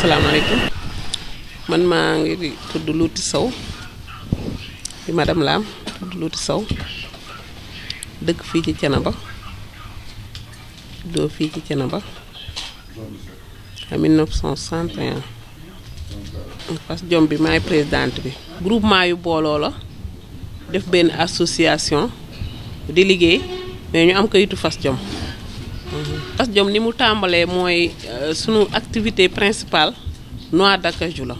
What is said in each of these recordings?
asalaamaaleykum man maa ngi tudd Louty Sow di madame Lam tudd Louty Sow dëkk fii ci Thiénaba doo fii ci Thiénaba à 1961 fas jom bi maay présidente bi groupement yu booloo la def benn association di liggéey mais ñu am kayitu fas jom Bass Diom ni mu tàmbalee mooy euh, sunu activité principale noix d'acajou la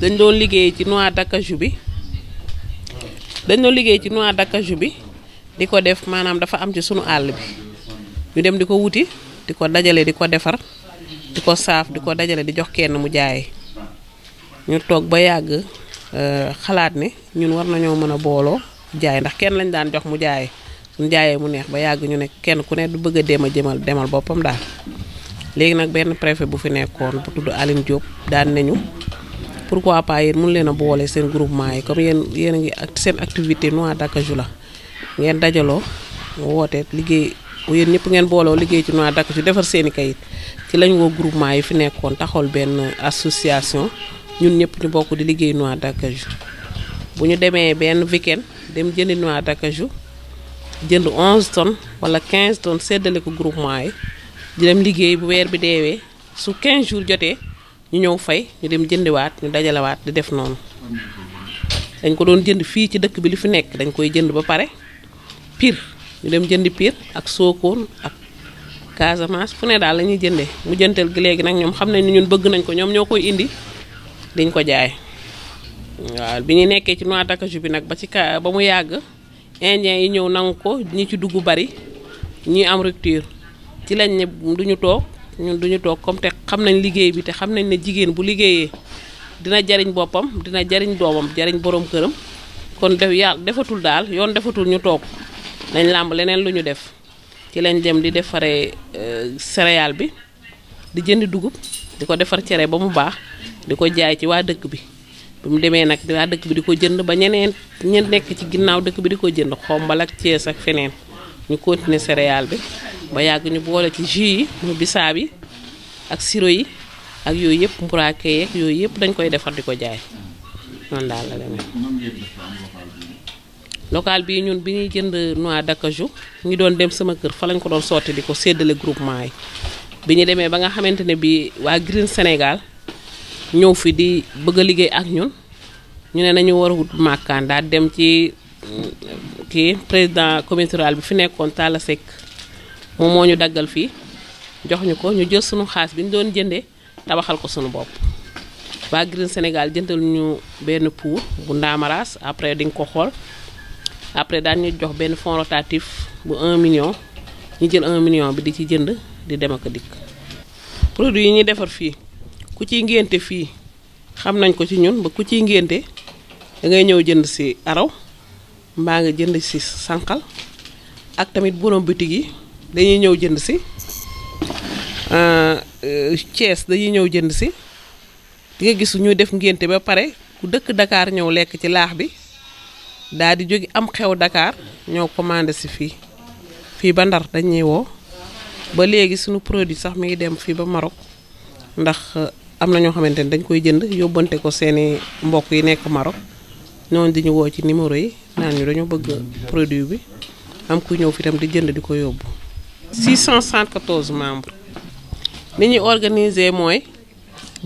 dañ doon liggéey ci noix d'acajou bi dañ doon liggéey ci noix d'acajou bi di ko def maanaam dafa am ci sunu àll bi ñu dem di ko wuti di ko dajale di ko defar di ko saaf di ko dajale di jox kenn mu jaaye ñu toog ba yàgg euh, xalaat ne ñun war nañoo mën a booloo jaaye ndax kenn lañ daan jox mu jaay suñ jaayee mu neex ba yàgg ñu ne kenn ku ne du bëgg a dem a jëmal demal boppam daal léegi nag benn préfet bu fi nekkoon bu tudd Aline Diop daan nañu pourquoi pas yéen mun leen a boolee seen groupement yi comme yéen yéen a ngi ak seen activité noa Dakaju la ngeen dajaloo woote liggéey yéen ñëpp ngeen booloo liggéey ci noa Dakaju defar seen i kayit ci lañ woo groupement yi fi nekkoon taxawal benn association ñun ñëpp ñu bokk di liggéey noa Dakaju bu ñu demee benn weekend dem jëndi noa Dakaju jënd 11 tonnes wala 15 tonnes séddale ko groupement yi di dem liggéey bu weer bi deewee su 15 jours jotee ñu ñëw fay ñu dem jëndiwaat ñu dajalewaat di def noonu dañ ko doon jënd fii ci dëkk bi li fi nekk dañ koy jënd ba pare piir ñu dem jëndi Pire ak Sokone ak Casamance fu ne daal lañuy ñuy jëndee mu jëntal gi léegi nag ñoom xam nañ ni ñun bëgg nañ ko ñoom ñoo koy indi diñ ko jaay waaw bi ñu nekkee ci noix d'acajou bi nag ba ci ka ba mu yàgg indien yi ñëw nangu ko ñi ci dugg bari ñi am rupture ci lañ ne duñu toog ñun duñu toog comme te xam nañ liggéey bi te xam nañ ne jigéen bu liggéeyee dina jariñ boppam dina jariñ doomam jariñ boroom këram kon def ya defatul daal yoon defatul ñu toog nañ làmb leneen lu ñu def ci lañ dem di defaree euh, céréale bi di jënd dugub di ko defar cere ba mu baax di ko jaay ci waa dëkk bi bi mu demee nag dinaa dëkk bi di ko jënd ba ñeneen ña nekk ci ginnaaw dëkk bi di ko jënd xombal ak Thiès ak feneen ñu continuer céréale bi ba yàgg ñu boole ci jus yi mu bisaab yi ak siro yi ak yooyu yëpp mburaake yeeg yooyu yëpp dañ koy defar di ko jaay noonu bii ñun bi ñuy jënd noix d'acajou ñu doon dem sama kër fa lañ ko doon sotti di ko séddale groupement yi bi ñu demee ba nga xamante ne bii waa Green Sénégal. ñëw fi di bëgg a liggéey ak ñun ñu ne nañu war a wut màkkaan daal dem ci mm, kii président communauté bi fi nekkoon Talla Seck moom moo ñu daggal fii jox ñu ko ñu jël sunu xaalis bi ñu doon jëndee tabaxal ko sunu bopp. waa Green Sénégal jëndal ñu benn pour bu ndaamaraas après di nga ko xool après daan ñu jox benn fonds rotatif bu un million ñu jël un million bi di ci jënd di dem ak dikk produit yi ñuy defar fii. ku ci ngénte fii xam nañ ko ci ñun ba ku ci ngénte da ngay ñëw jënd si araw mbaa nga jënd si sànqal ak tamit borom bitik yi dañuy ñëw jënd si euh, Thiès dañuy ñëw jënd si di nga gis ñuy def ngénte ba pare ku dëkk dakaar ñëw lekk ci laax bi daal di jóge am xew dakaar ñoo commande si fii fii ba Ndar dañuy woo ba léegi sunu produit sax mi ngi dem fii ba Maroc ndax am na ñoo xamante ne dañ koy jënd yóbbante ko seeni mbokk yi nekk Maroc ñooñu di ñu woo ci numéro yi naan ñu dañoo bëgg produit bi am kuy ñëw fi tam di jënd di ko yóbbu. 674 membres ni ñu organiser mooy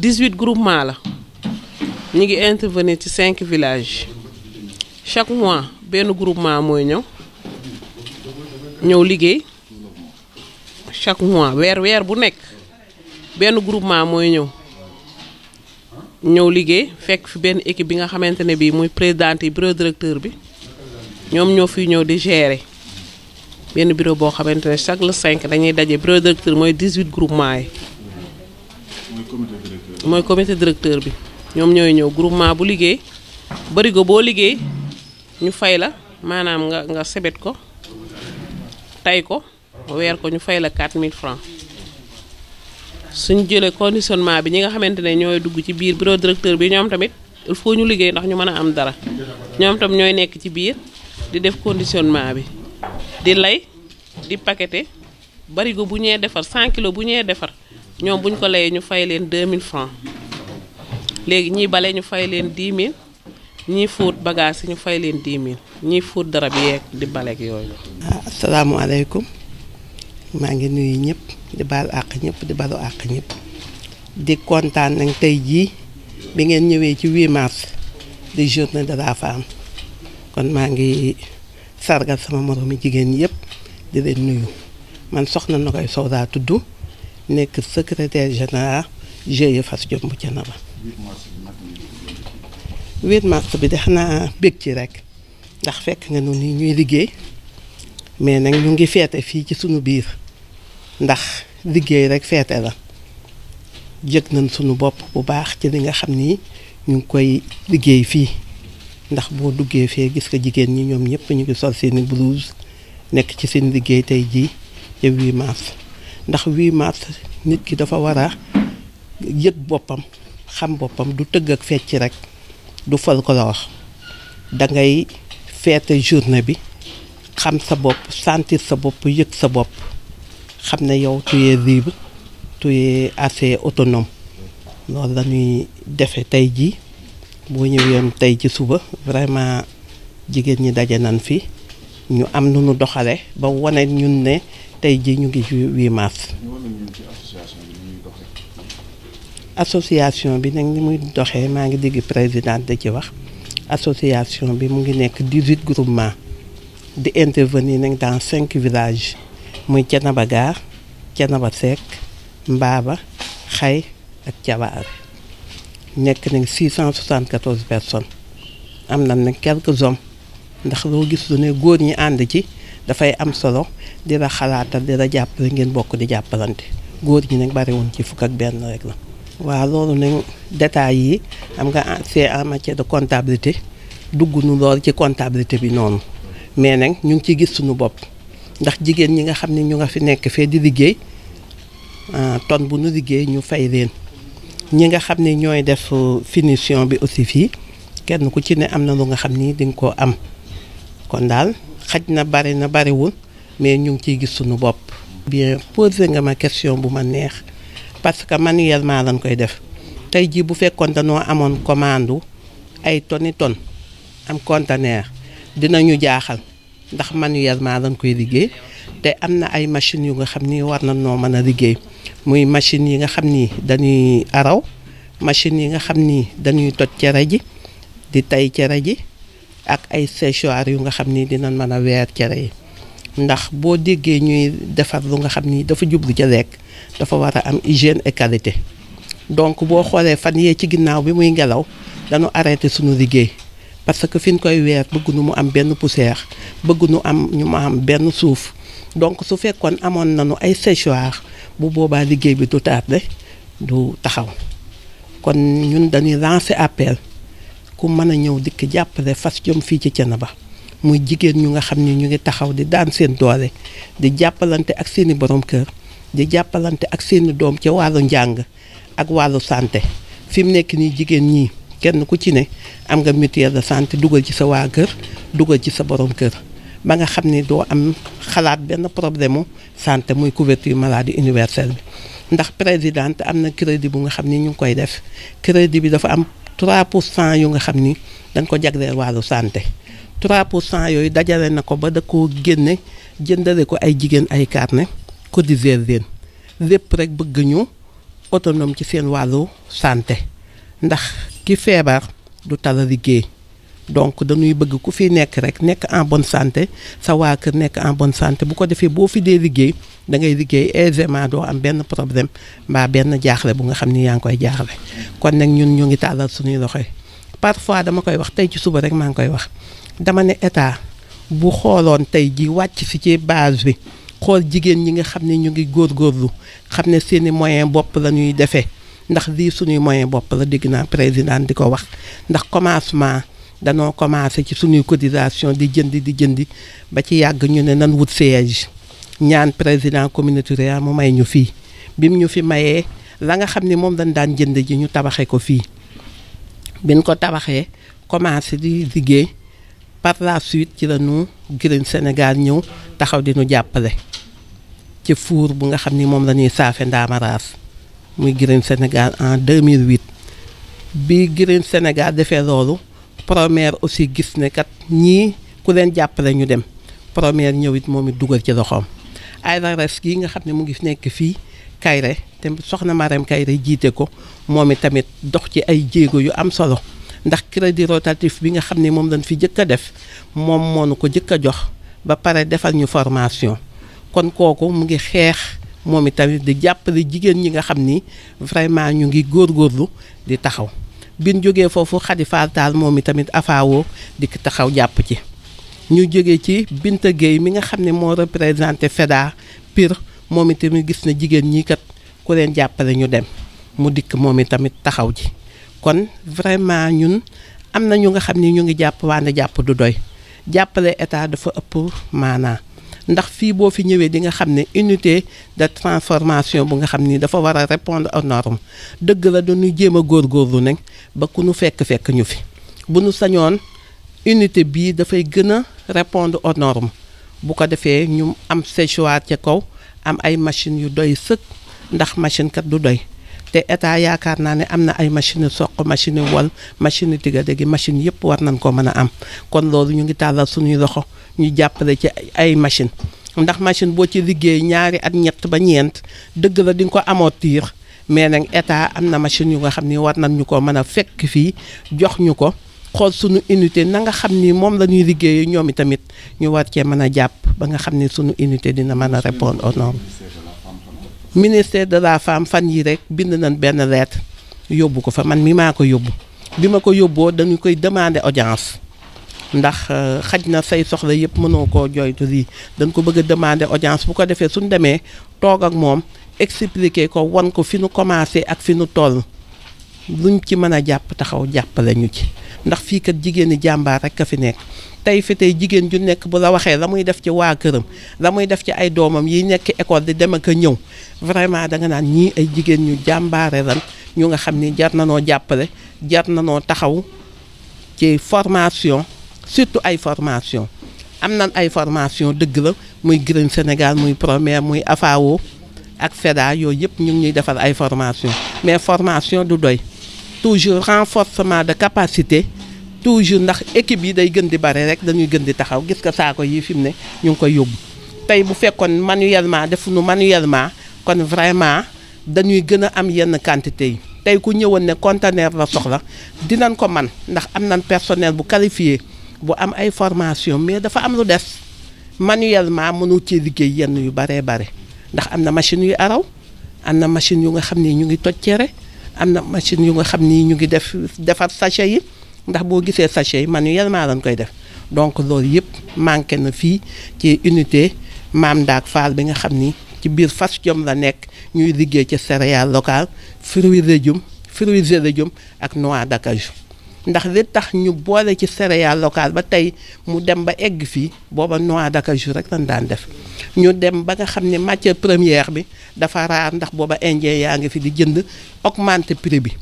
18 groupement la ñu ngi intervenir ci 5 villages chaque mois benn groupement mooy ñëw ñëw liggéey chaque mois weer weer bu nekk benn groupement mooy ñëw. ñëw liggéey fekk fi benn équipe bi nga xamante ne bii muy présidente yi bureau directeur bi ñoom ñoo fiy ñëw di gérer benn bureau boo xamante ne chaque la cinq dañuy daje bureau directeur mooy 18 groupement yi. mooy comité directeur bi ñoom ñooy ñëw groupement bu liggéey bërigo boo liggéey ñu fay la maanaam nga nga sebet ko tay ko weer ko ñu fay la 4000 francs suñ jëlee conditionnement bi ñi nga xamante ne ñooy dugg ci biir bureau directeur bi ñoom tamit il faut ñu liggéey ndax ñu mën a am dara ñoom tam ñooy nekk ci biir di def conditionnement bi di lay di paqueté barigo bu ñee defar cent kilos bu ñee defar ñoom buñ ko layee ñu fay leen 2000 francs léegi ñii bale ñu fay leen 10000 ñii fóot bagage yi ñu fay leen 10000 ñii fóot darab yeeg di baleeg yooyu. Ah, asalaamaaleykum maa ngi nuyu ñëpp. di baal àq ñëpp di balu àq ñëpp di kontaan nag tey jii bi ngeen ñëwee ci 8 mars di journée de la am kon maa ngi sargal sama moroomi jigéen yëpp di leen nuyu man soxna na koy Sow laa tudd nekk secrétaire général GIE Fass Jomb Thiénaba 8 mars bi de xanaa bég ci rek ndax fekk nga noonu ñuy liggéey mais nag ñu ngi feete fii ci sunu biir ndax liggéey rek feete la yëg nañ sunu bopp bu baax ci li nga xam ni ñu ngi koy liggéey fii ndax boo duggee fee gis ko jigéen ñi ñoom ñëpp ñu ngi sol seeni blouse nekk ci seen liggéey tey jii ca 8 mars ndax 8 mars nit ki dafa war a yëg boppam xam boppam du tëgg ak fecc rek du folklore da ngay feete journée bi xam sa bopp sentir sa bopp yëg sa bopp xam ne yow tu es libre tu es assez autonome loolu la ñuy defe tey jii boo ñëwee tey ci suba vraiment jigéen ñi daje nan fi ñu am nu ñu doxale ba wane ñun ne tey jii ñu ngi ci 8 mars association bi nag ni muy doxee maa ngi dégg président da ci wax association bi mu ngi nekk 18 groupement di intervenir nag dans cinq villages muy Thiénaba Gare Thiénaba Seck Mbaaba Xay ak Thiabaare nekk nañ 674 personnes am na nag quelques hommes ndax loo gis lu ne góor ñi ànd ci dafay am solo di la xalaatal di la jàppale ngeen bokk di jàppalante góor ñi nag bari ci fukk ak benn rek la. waaw loolu nag détails yi xam nga ah, c'est en matière de comptabilité dugg nu lool ci comptabilité bi noonu mais nag ñu ngi ciy gis suñu bopp. ndax jigéen ñi nga xam ne ñu nga fi nekk fee di liggéey ah, ton bu nu liggéey ñu fay leen ñi nga xam ne ñooy def uh, finition bi aussi fii kenn ku ci ne am na lu nga xam ni di nga koo am kon daal xaj na bari na bariwul mais ñu ngi ciy gis suñu bopp. bien posé nga ma question bu ma neex parce que manuellement lañ koy def tey jii bu fekkoon dañoo amoon commande ay toni ton am conteneur dinañu jaaxal. ndax manuellement dañ koy liggéey te am na ay machines yu nga xam ni war na noo mën a liggéey muy machine yi nga xam ni dañuy araw machines yi nga xam ni dañuy toj cere ji di tay cere ji ak ay séchoir yu nga xam ni dinañ mën a weer cere yi ndax boo déggee ñuy defar lu nga xam ni dafa jublu ca lekk dafa war a am hygiène équalité donc boo xoolee fan yee ci ginnaaw bi muy ngelaw dañu arrêté suñu liggéey parce que fi ñu koy weer nu mu am benn poussière bëgguñu am ñu ma am benn suuf donc su fekkoon amoon nañu ay séchoir bu boobaa liggéey bi du tardé du taxaw kon ñun dañuy lancé appel ku mën a ñëw dikk jàppale fas jom fii ci ba muy jigéen ñu nga xam ni ñu ngi taxaw di daan seen doole di jàppalante ak seeni borom kër di jàppalante ak seeni doom ci wàllu njàng ak wàllu santé fi mu nekk nii jigéen ñi. kenn ku ci ne am nga mutuelle de santé dugal ci sa waa kër dugal ci sa borom kër ba nga xam ni doo am xalaat benn problème mu santé muy couverture maladie universelle bi ndax présidente am na crédit bu nga xam ni ñu ngi koy def crédit bi dafa am 3 pour yu nga xam ni dañ ko jagleel wàllu santé 3 pour cent yooyu dajale na ko ba da koo génne jëndale ko ay jigéen ay carnet cotiser leen lépp rek bëgg ñu autonome ci seen wàllu santé ndax ki feebar du tara liggéey donc dañuy bëgg ku fi nekk rek nekk en bonne santé sa waa kër nekk en bon santé bu ko defee boo fi dee liggéey da ngay liggéey aisément doo am benn problème mbaa benn jaaxle bu nga xam ni yaa ngi koy jaaxle kon nag ñun ñu ngi tàllal suñuy loxo yi parfois dama koy wax tey ci suba rek maa ngi koy wax dama ne état bu xooloon tey ji wàcc si ci base bi xool jigéen ñi nga xam ne ñu ngi góor góorlu xam ne seeni moyen bopp la ñuy defee ndax lii suñuy moyen bopp la dégg naa président di ko wax ndax commencement danoo commencé ci suñuy cotisation di jëndi di jëndi ba ci yàgg ñu ne nan wut siège ñaan président communauté rurale mu may ñu fii bim ñu fi mayee la nga xam ni moom dañ daan jënd ji ñu tabaxee ko fii bin ko tabaxee commencé di liggéey par la suite ci la ñu Green Sénégal ñëw taxaw di ñu jàppale ci fuur bu nga xam ni moom la ñuy saafe ndaamaraas muy Green Sénégal en 2008 bi Green Sénégal defee loolu Promaire aussi gis ne kat ñii ku leen jàppale ñu dem Promaire ñëwit moom it dugal ci loxoom ARS gi nga xam ne mu ngi nekk fii Kayre te soxna Marème Kayre jiite ko moom it tamit dox ci ay jéego yu am solo ndax crédit rotatif bi nga xam ne moom lañ fi jëkk a def moom moo nu ko jëkk a jox ba pare defal ñu formation kon kooku mu ngi xeex. moom tamit di jàppale jigéen ñi nga xam ni vraiment ñu ngi góor góorlu di taxaw bin jóge foofu Xadi Faataal moom tamit afaawoo dikk taxaw jàpp ci ñu jóge ci bint Gueye mi nga xam ne moo représenté FEDA piir moom it itamit gis na jigéen ñii kat ku leen jàppale ñu dem mu dikk moom tamit taxaw ji kon vraiment ñun am na ñu nga xam ni ñu ngi jàpp waane jàpp du doy jàppale état dafa ëpp maanaa ndax fii boo fi ñëwee di nga xam ne unité de transformation bu nga xam ni dafa war a répondre aux dëgg la dañuy jéem a góorgóorlu nag ba ku nu fekk-fekk ñu fi bu nu sañoon unité bii dafay gën a répondre aux bu ko defee ñu am séchoir ca kaw am ay machines yu doy sëkk ndax machine kat du doy te état yaakaar naa ne am na ay machine soq machine wol machine diggante gi machine yëpp war nañ ko mën a am kon loolu ñu ngi tàllal suñuy loxo ñu jàppale ci ay machine ndax machine boo ci liggéey ñaari at ñett ba ñeent dëgg la di nga ko amortir mais nag état am na machine yu nga xam ni war nañ ñu ko mën a fekk fii jox ñu ko xool suñu unité na nga xam ni moom la ñuy liggéeyee ñoom tamit ñu war cee mën a jàpp ba nga xam ni suñu unité dina mën a répondre aux normes ministère de la femme fan yi rek bind nañ benn lettre yóbbu ko fa man mi maa ko yóbbu bi ma ko yóbboo dañu koy demander audience ndax euh, xaj na say soxla yëpp mënoo ko joytu lii dañ ko bëgg a demander audience bu ko defee suñ demee toog ak moom expliquer ko wan ko fi nu commencé ak fi nu toll luñ ci mën a jàpp taxaw jàppale ñu ci ndax fii kat jigéeni jàmbaar rek a fi nekk tey fi tey jigéen ju nekk bu la waxee la muy def ci waa këram la muy def ci ay doomam yi nekk école di dem ak a ñëw vraiment da nga naan ñii ay jigéen ñu jàmbaare lan ñu nga xam ni jar na noo jàppale jar na noo taxaw ci formation surtout ay formation am na ay formation dëgg la muy Green Sénégal muy Promer muy AFAO ak FEDA yooyu yëpp ñu ngi ñuy defal ay formation mais formation du doy toujours renforcement de capacité toujours ndax équipe yi day gën di bare rek dañuy gën di taxaw gis ko saako yi fi mu ne ñu ngi koy yóbbu tey bu fekkoon manuellement defuñu manuellement kon vraiment dañuy gën a am yenn quantité yi tey ku ñëwoon ne conteneur la soxla dinañ ko man ndax am nañ personnel bu qualifié bu am ay formation mais dafa am lu des manuellement mënul ci liggéey yenn yu baree bare ndax am na machine yu araw am na machine yu nga xam ne ñu ngi toj cere am na machine yu nga xam nii ñu ngi def defar sachet yi ndax boo gisee sachet yi man manuellement lañ koy def donc loolu yëpp manqué na fii ci unité Maam Ndaak Fall bi nga xam ni ci biir Fass Jom la nekk ñuy liggéey ci céréales locales fruits légumes fruits et légumes ak noix d'acajou ndax li tax ñu boole ci céréale locale ba tey mu dem ba egg fii booba noix de jour rek lañ daan def ñu dem ba nga xam ne matière première bi dafa raar ndax booba indien yaa ngi fi di jënd augmenter prix bi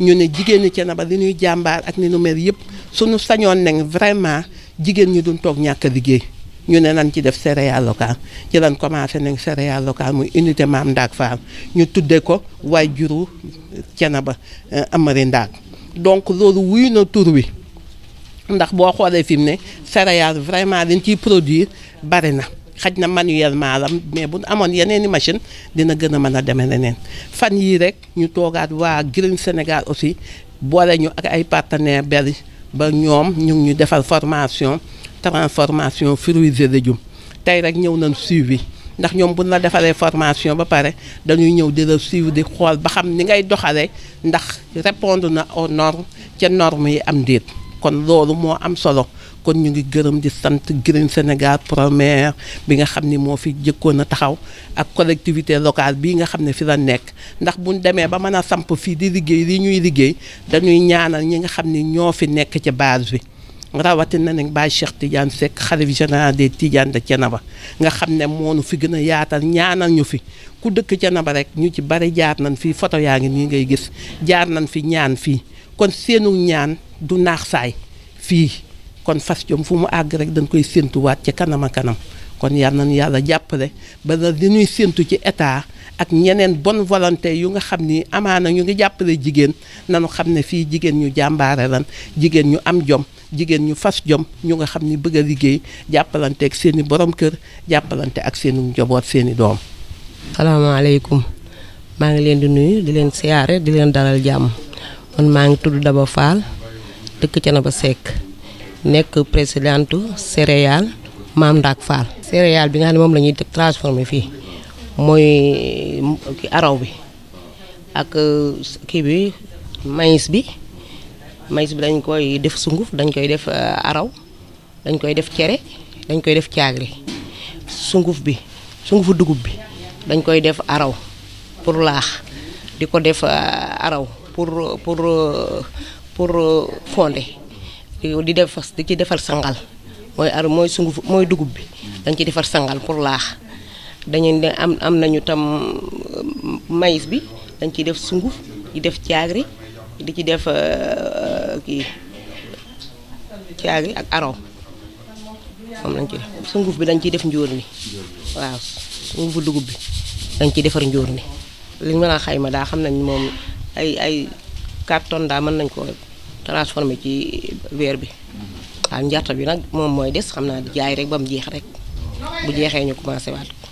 ñu ne jigéen ñi Thiénaba li ñuy jàmbaar ak ni nu mel yëpp suñu sañoon nañ vraiment jigéen ñi duñ toog ñàkk liggéey ñu ne nañ ci def céréale locale ci lañ commencé nañ céréale locale muy unité maam Ndaak Fall ñu tuddee ko waajuru Thiénaba euh, Amary Ndaak donc loolu wuy na tur wi ndax boo xoolee fi ne céréales vraiment dañ ciy produit bari na xaj na manuellement la mais bu amoon yeneen i machine dina gën a mën a demee neneen fan yii rek ñu toogaat waa Green Sénégal aussi boole ñu ak ay partenaires bari ba ñoom ñu ñu defal formation transformation fruits et légumes tey rek ñëw nañ suivi. ndax ñoom bu ñu la defaree formation ba pare dañuy ñëw di la suivre di xool ba xam ni ngay doxalee ndax répondre na aux normes ca norme yi am déet kon loolu moo am solo kon ñu ngi gërëm di sant Green Sénégal Premier bi nga xam ni moo fi jëkkoon a taxaw ak collectivité locale bii nga xam ne fi la nekk ndax buñ demee ba mën a samp fii di liggéey li ñuy liggéey dañuy ñaanal ñi nga xam ni ñoo fi nekk ci base bi na nag Baye Cheikh Tidiane Seck xalif général des Tidiane de Thiénaba nga xam ne moonu fi gën a yaatal ñaanal ñu fi ku dëkk Thiénaba rek ñu ci bari jaar nañ fii photo yaa ngi nii ngay gis jaar nañ fi ñaan fii kon seenu ñaan du naax saay fii kon fas jom fu mu àgg rek dañ koy séentuwaat ci kanam kanam kon yal nañu yàlla jàppale ba di nuy séntu ci état ak ñeneen bonne volonté yu nga xam ni amaana ñu ngi jàppale jigéen nanu xam ne fii jigéen ñu jàmbaare lan jigéen ñu am jom jigéen ñu fas jom ñu nga xam ni bëgg a liggéey jàppalante ak seen i borom kër jàppalante ak seen i njaboot seen i doom. salaamaaleykum maa ngi leen di nuyu di leen siyaare di leen dalal jàmm man maa ngi tudd Daba Fall dëkk ba Seck nekk présidente céréale. maam Ndaak Fall. céréale bi nga xam ne moom la ñuy transformé fii mooy araw bi ak euh, kii bi maïs bi maïs bi dañ koy def sunguf dañ koy def euh, araw dañ koy def cere dañ koy def caagri sunguf bi sungufu dugub bi dañ koy def araw pour laax di ko def euh, araw pour pour pour fonde di def di ci defal sangal mooy ar mooy sunguf mooy dugub bi dañ ci defar sangal pour laax dañu de am am nañu tam euh, maïs bi dañ ciy def sunguf di def caagri di ci def euh, kii caagri ak araw moom lañ ci def sunguf bi dañ ciy def njóor ni waaw sungufu dugub bi dañ ciy defar njóor ni li mën a xayma daa xam nañ moom ay ay 4 daa mën nañ ko transformer ci weer bi waaw njarta bi nag moom mooy des xam naa jaay rek ba mu jeex rek bu jeexee ñu commencé waat